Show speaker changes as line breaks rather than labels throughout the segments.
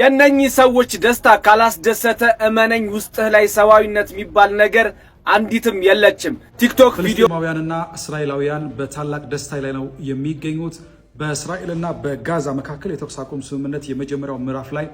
የእነኚህ ሰዎች ደስታ ካላስደሰተ እመነኝ ውስጥህ ላይ ሰብአዊነት የሚባል ነገር አንዲትም የለችም። ቲክቶክ ቪዲዮማውያንና እስራኤላውያን በታላቅ ደስታ ላይ ነው የሚገኙት። በእስራኤልና በጋዛ መካከል የተኩስ አቁም ስምምነት የመጀመሪያው ምዕራፍ ላይ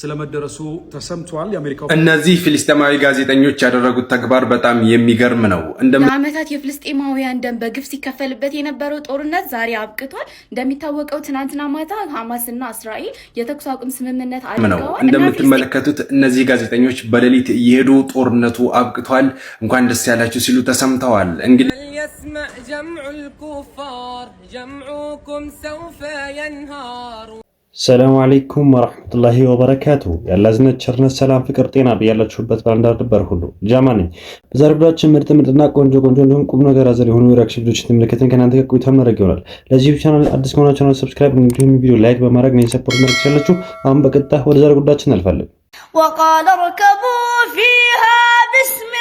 ስለመደረሱ ተሰምቷል። የአሜሪካው እነዚህ ፊልስጤማዊ ጋዜጠኞች ያደረጉት ተግባር በጣም የሚገርም ነው።
ለአመታት የፍልስጤማውያን ደም በግፍ ሲከፈልበት የነበረው ጦርነት ዛሬ አብቅቷል። እንደሚታወቀው ትናንትና ማታ ሐማስና እስራኤል የተኩስ አቁም ስምምነት አድርገዋል።
እንደምትመለከቱት እነዚህ ጋዜጠኞች በሌሊት እየሄዱ ጦርነቱ አብቅቷል፣ እንኳን ደስ ያላችሁ ሲሉ ተሰምተዋል።
እንግዲህ يسمع جمع الكفار جمعكم سوف ينهار
ሰላሙ አለይኩም ወራህመቱላሂ ወበረካቱ። ያላዝነት ቸርነት፣ ሰላም፣ ፍቅር፣ ጤና በያላችሁበት ባንዳር ድበር ሁሉ ጃማ ነኝ። በዛሬው ቪዲዮአችን ምርጥ ምርጥና ቆንጆ ቆንጆ እንዲሁም ቁም ነገር አዘል የሆኑ ሪአክሽን ቪዲዮችን ተመለከተን ከእናንተ ጋር ቆይታ እናደርግ ይሆናል። ለዚህ ቻናል አዲስ ከሆናችሁ ቻናል ሰብስክራይብ፣ እንዲሁም ቪዲዮ ላይክ በማድረግ ነው ሰፖርት ማድረግ ያላችሁ። አሁን በቀጥታ ወደ ዛሬው ጉዳያችን እናልፋለን።
ወቃለ ርከቡ ፊሃ ቢስሚ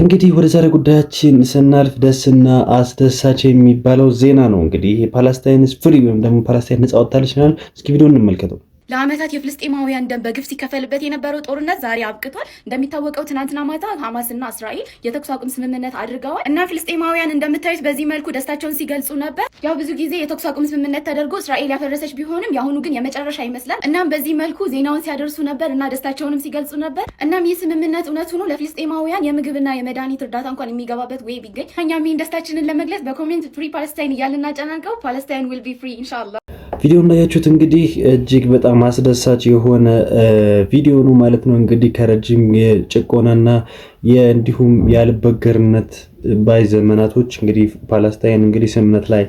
እንግዲህ ወደ ዛሬ ጉዳያችን ስናልፍ ደስና አስደሳች የሚባለው ዜና ነው። እንግዲህ የፓላስታይን ፍሪ ወይም ደግሞ ፓላስታይን ነጻ ወጥታለች። እስኪ ቪዲዮ እንመልከተው።
ለአመታት የፍልስጤማውያን ደም በግፍ ሲከፈልበት የነበረው ጦርነት ዛሬ አብቅቷል። እንደሚታወቀው ትናንትና ማታ ሐማስና እስራኤል የተኩስ አቁም ስምምነት አድርገዋል እና ፍልስጤማውያን እንደምታዩት በዚህ መልኩ ደስታቸውን ሲገልጹ ነበር። ያው ብዙ ጊዜ የተኩስ አቁም ስምምነት ተደርጎ እስራኤል ያፈረሰች ቢሆንም የአሁኑ ግን የመጨረሻ ይመስላል። እናም በዚህ መልኩ ዜናውን ሲያደርሱ ነበር እና ደስታቸውንም ሲገልጹ ነበር። እናም ይህ ስምምነት እውነት ሆኖ ለፍልስጤማውያን የምግብና የመድኃኒት እርዳታ እንኳን የሚገባበት ወይ ቢገኝ እኛም ይህን ደስታችንን ለመግለጽ በኮሜንት ፍሪ ፓለስታይን እያልን እናጨናንቀው ፓለስታይን ዊል ቢ ፍሪ ኢንሻአላህ።
ቪዲዮ እንዳያችሁት እንግዲህ እጅግ በጣም አስደሳች የሆነ ቪዲዮ ነው ማለት ነው። እንግዲህ ከረጅም የጭቆናና የእንዲሁም ያልበገርነት ባይ ዘመናቶች እንግዲህ ፓለስታይን እንግዲህ ስምነት ላይ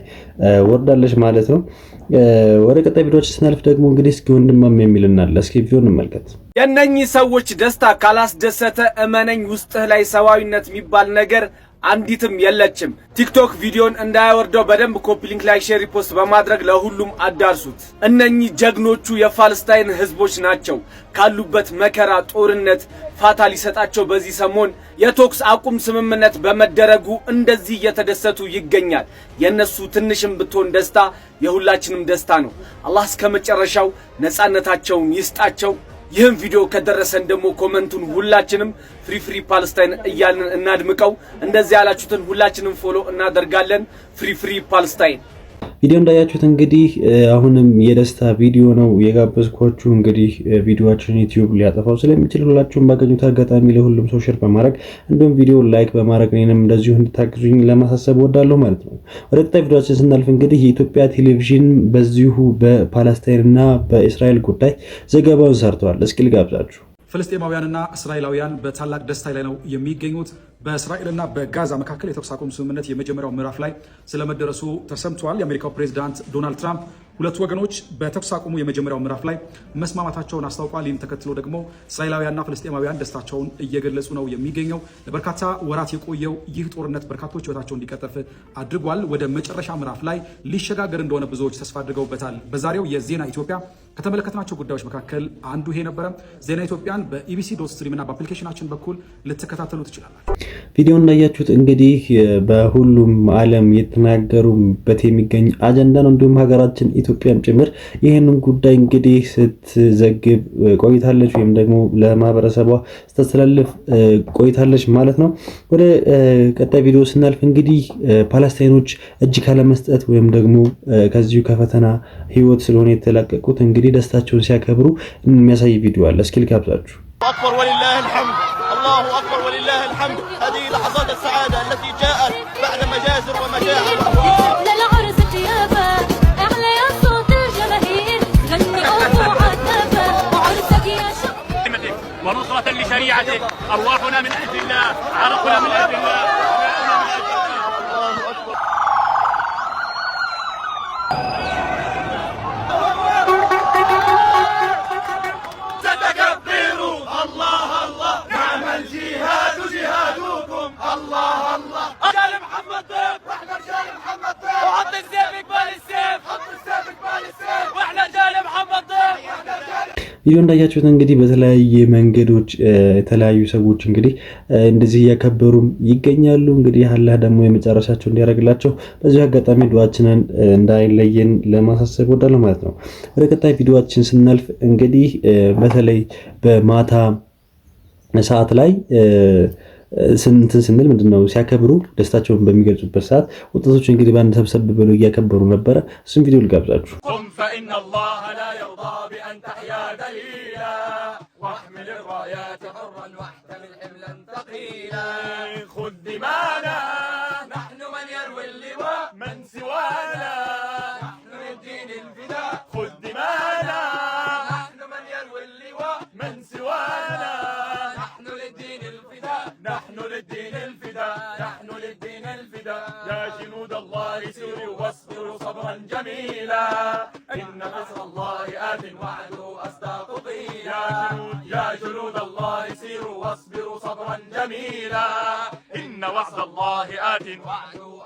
ወርዳለች ማለት ነው። ወደ ቀጣይ ቪዲዮች ስናልፍ ደግሞ እንግዲህ እስኪ ወንድማም የሚልናል እስኪ ቪዲዮ እንመልከት። የእነኚህ ሰዎች ደስታ ካላስደሰተ እመነኝ ውስጥህ ላይ ሰብአዊነት የሚባል ነገር አንዲትም የለችም። ቲክቶክ ቪዲዮን እንዳያወርደው በደንብ ኮፒ ሊንክ ላይ ሼር ሪፖስት በማድረግ ለሁሉም አዳርሱት። እነኚህ ጀግኖቹ የፋልስታይን ህዝቦች ናቸው። ካሉበት መከራ፣ ጦርነት ፋታ ሊሰጣቸው በዚህ ሰሞን የተኩስ አቁም ስምምነት በመደረጉ እንደዚህ እየተደሰቱ ይገኛል። የእነሱ ትንሽም ብትሆን ደስታ የሁላችንም ደስታ ነው። አላህ እስከ መጨረሻው ነፃነታቸውን ይስጣቸው። ይህም ቪዲዮ ከደረሰን ደግሞ ኮመንቱን ሁላችንም ፍሪ ፍሪ ፓለስታይን እያልን እናድምቀው። እንደዚህ ያላችሁትን ሁላችንም ፎሎ እናደርጋለን። ፍሪ ፍሪ ፓለስታይን ቪዲዮ እንዳያችሁት እንግዲህ አሁንም የደስታ ቪዲዮ ነው የጋበዝኳችሁ። እንግዲህ ቪዲዮችን ዩቲዩብ ሊያጠፋው ስለሚችል ሁላችሁም ባገኙት አጋጣሚ ለሁሉም ሰው ሼር በማድረግ እንዲሁም ቪዲዮ ላይክ በማድረግ እኔንም እንደዚሁ እንድታግዙኝ ለማሳሰብ ወዳለሁ ማለት ነው። ወደ ቀጣይ ቪዲዮችን ስናልፍ እንግዲህ የኢትዮጵያ ቴሌቪዥን በዚሁ በፓለስታይንና በእስራኤል ጉዳይ ዘገባውን ሰርተዋል። እስኪ ልጋብዛችሁ። ፍልስጤማውያንና እስራኤላውያን በታላቅ ደስታ ላይ ነው የሚገኙት። በእስራኤልና በጋዛ መካከል የተኩስ አቁም ስምምነት የመጀመሪያው ምዕራፍ ላይ ስለመደረሱ ተሰምቷል። የአሜሪካው ፕሬዚዳንት ዶናልድ ትራምፕ ሁለቱ ወገኖች በተኩስ አቁሙ የመጀመሪያው ምዕራፍ ላይ መስማማታቸውን አስታውቋል። ይህም ተከትሎ ደግሞ እስራኤላውያንና ፍልስጤማውያን ደስታቸውን እየገለጹ ነው የሚገኘው። ለበርካታ ወራት የቆየው ይህ ጦርነት በርካቶች ህይወታቸው እንዲቀጠፍ አድርጓል። ወደ መጨረሻ ምዕራፍ ላይ ሊሸጋገር እንደሆነ ብዙዎች ተስፋ አድርገውበታል። በዛሬው የዜና ኢትዮጵያ ከተመለከትናቸው ጉዳዮች መካከል አንዱ ይሄ ነበረ። ዜና ኢትዮጵያን በኢቢሲ ዶት ስትሪም እና በአፕሊኬሽናችን በኩል ልትከታተሉ ትችላላችሁ። ቪዲዮ እንዳያችሁት እንግዲህ በሁሉም ዓለም የተናገሩበት የሚገኝ አጀንዳ ነው። እንዲሁም ሀገራችን ኢትዮጵያም ጭምር ይህንን ጉዳይ እንግዲህ ስትዘግብ ቆይታለች ወይም ደግሞ ለማህበረሰቧ ስታስተላልፍ ቆይታለች ማለት ነው። ወደ ቀጣይ ቪዲዮ ስናልፍ እንግዲህ ፓለስታይኖች እጅ ካለመስጠት ወይም ደግሞ ከዚሁ ከፈተና ህይወት ስለሆነ የተላቀቁት እንግዲህ ደስታቸውን ሲያከብሩ የሚያሳይ ቪዲዮ አለ። እስኪ ልጋብዛችሁ።
وذريعتك أرواحنا من أجل الله عرقنا من أجل الله الله الله قال محمد ضيف واحنا رجال محمد ضيف وعبد السيف اقبال السيف
ቪዲዮ እንዳያችሁት እንግዲህ በተለያየ መንገዶች የተለያዩ ሰዎች እንግዲህ እንደዚህ እያከበሩም ይገኛሉ። እንግዲህ አላህ ደግሞ የመጨረሻቸው እንዲያደርግላቸው በዚህ አጋጣሚ ድዋችንን እንዳይለየን ለማሳሰብ ወዳለ ማለት ነው። ወደ ቀጣይ ቪዲዮችን ስናልፍ እንግዲህ በተለይ በማታ ሰዓት ላይ ስንትን ስንል ምንድን ነው ሲያከብሩ ደስታቸውን በሚገልጹበት ሰዓት ወጣቶች እንግዲህ በአንድ ሰብሰብ ብለው እያከበሩ ነበረ። እሱም ቪዲዮ ልጋብዛችሁ።
خذ دمانا نحن من يروي اللواء من سوانا نحن للدين الفداء خذ دمانا نحن من يروي اللواء من سوانا نحن للدين الفداء نحن للدين الفداء نحن للدين الفداء يا جنود الله سيروا واصبروا صبرا جميلا إن نصر الله آت وعده أصداق قيلا يا جنود يا جميلا إن وعد الله آت وعد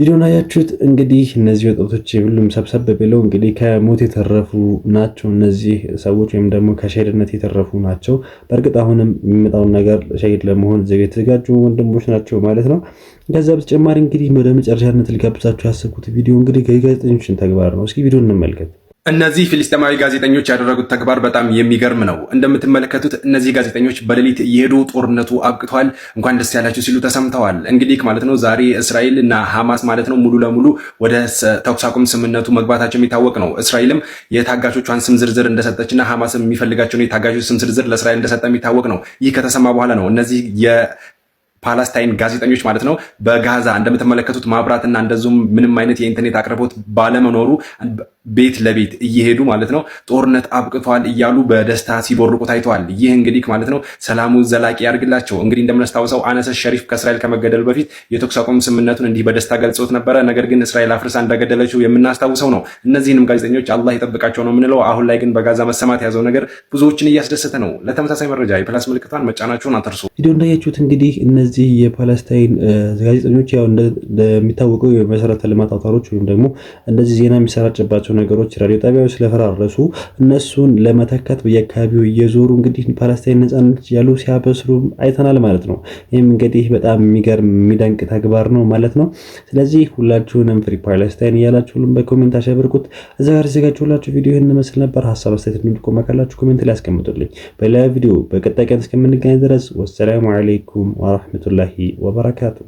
ቪዲዮን አያችሁት እንግዲህ እነዚህ ወጣቶች ሁሉም ሰብሰብ ብለው እንግዲህ ከሞት የተረፉ ናቸው። እነዚህ ሰዎች ወይም ደግሞ ከሸሄድነት የተረፉ ናቸው። በእርግጥ አሁንም የሚመጣውን ነገር ሸሄድ ለመሆን የተዘጋጁ ወንድሞች ናቸው ማለት ነው። ከዛ በተጨማሪ እንግዲህ ወደ መጨረሻነት ልጋብዛችሁ ያሰብኩት ቪዲዮ እንግዲህ የጋዜጠኞችን ተግባር ነው። እስኪ ቪዲዮ እንመልከት። እነዚህ ፊልስጤማዊ ጋዜጠኞች ያደረጉት ተግባር በጣም የሚገርም ነው። እንደምትመለከቱት እነዚህ ጋዜጠኞች በሌሊት እየሄዱ ጦርነቱ አብቅቷል እንኳን ደስ ያላችሁ ሲሉ ተሰምተዋል። እንግዲህ ማለት ነው ዛሬ እስራኤል እና ሐማስ ማለት ነው ሙሉ ለሙሉ ወደ ተኩስ አቁም ስምምነቱ መግባታቸው የሚታወቅ ነው። እስራኤልም የታጋቾቿን ስም ዝርዝር እንደሰጠችና ሐማስ የሚፈልጋቸውን የታጋቾች ስም ዝርዝር ለእስራኤል እንደሰጠ የሚታወቅ ነው። ይህ ከተሰማ በኋላ ነው እነዚህ ፓለስታይን ጋዜጠኞች ማለት ነው በጋዛ እንደምትመለከቱት ማብራትና እንደዚሁም ምንም አይነት የኢንተርኔት አቅርቦት ባለመኖሩ ቤት ለቤት እየሄዱ ማለት ነው ጦርነት አብቅቷል እያሉ በደስታ ሲቦርቁ ታይተዋል። ይህ እንግዲህ ማለት ነው ሰላሙ ዘላቂ ያድርግላቸው። እንግዲህ እንደምናስታውሰው አነሰ ሸሪፍ ከእስራኤል ከመገደሉ በፊት የተኩስ አቁም ስምምነቱን እንዲህ በደስታ ገልጾት ነበረ። ነገር ግን እስራኤል አፍርሳ እንደገደለችው የምናስታውሰው ነው። እነዚህንም ጋዜጠኞች አላህ የጠብቃቸው ነው የምንለው። አሁን ላይ ግን በጋዛ መሰማት የያዘው ነገር ብዙዎችን እያስደሰተ ነው። ለተመሳሳይ መረጃ የፕላስ ምልክቷን መጫናችሁን አትርሱ። ቪዲዮ እንዳያችሁት እንግዲህ እነዚህ የፓለስታይን ጋዜጠኞች ያው እንደሚታወቀው የመሰረተ ልማት አውታሮች ወይም ደግሞ እንደዚህ ዜና የሚሰራጭባቸው ያላቸው ነገሮች ራዲዮ ጣቢያዎች ስለፈራረሱ እነሱን ለመተካት በየአካባቢው እየዞሩ እንግዲህ ፓለስታይን ነጻነት ያሉ ሲያበስሩ አይተናል ማለት ነው። ይህም እንግዲህ በጣም የሚገርም የሚደንቅ ተግባር ነው ማለት ነው። ስለዚህ ሁላችሁንም ፍሪ ፓለስታይን እያላችሁ ሁሉም በኮሜንት አሸብርቁት። እዛ ጋር የተዘጋጀሁላችሁ ቪዲዮ ይህን መስል ነበር። ሀሳብ አስተያየት እንድቆመ ካላችሁ ኮሜንት ላይ ያስቀምጡልኝ። በሌላ ቪዲዮ በቀጣይ ቀን እስከምንገናኝ ድረስ ወሰላሙ አለይኩም ወረህመቱላሂ ወበረካቱ።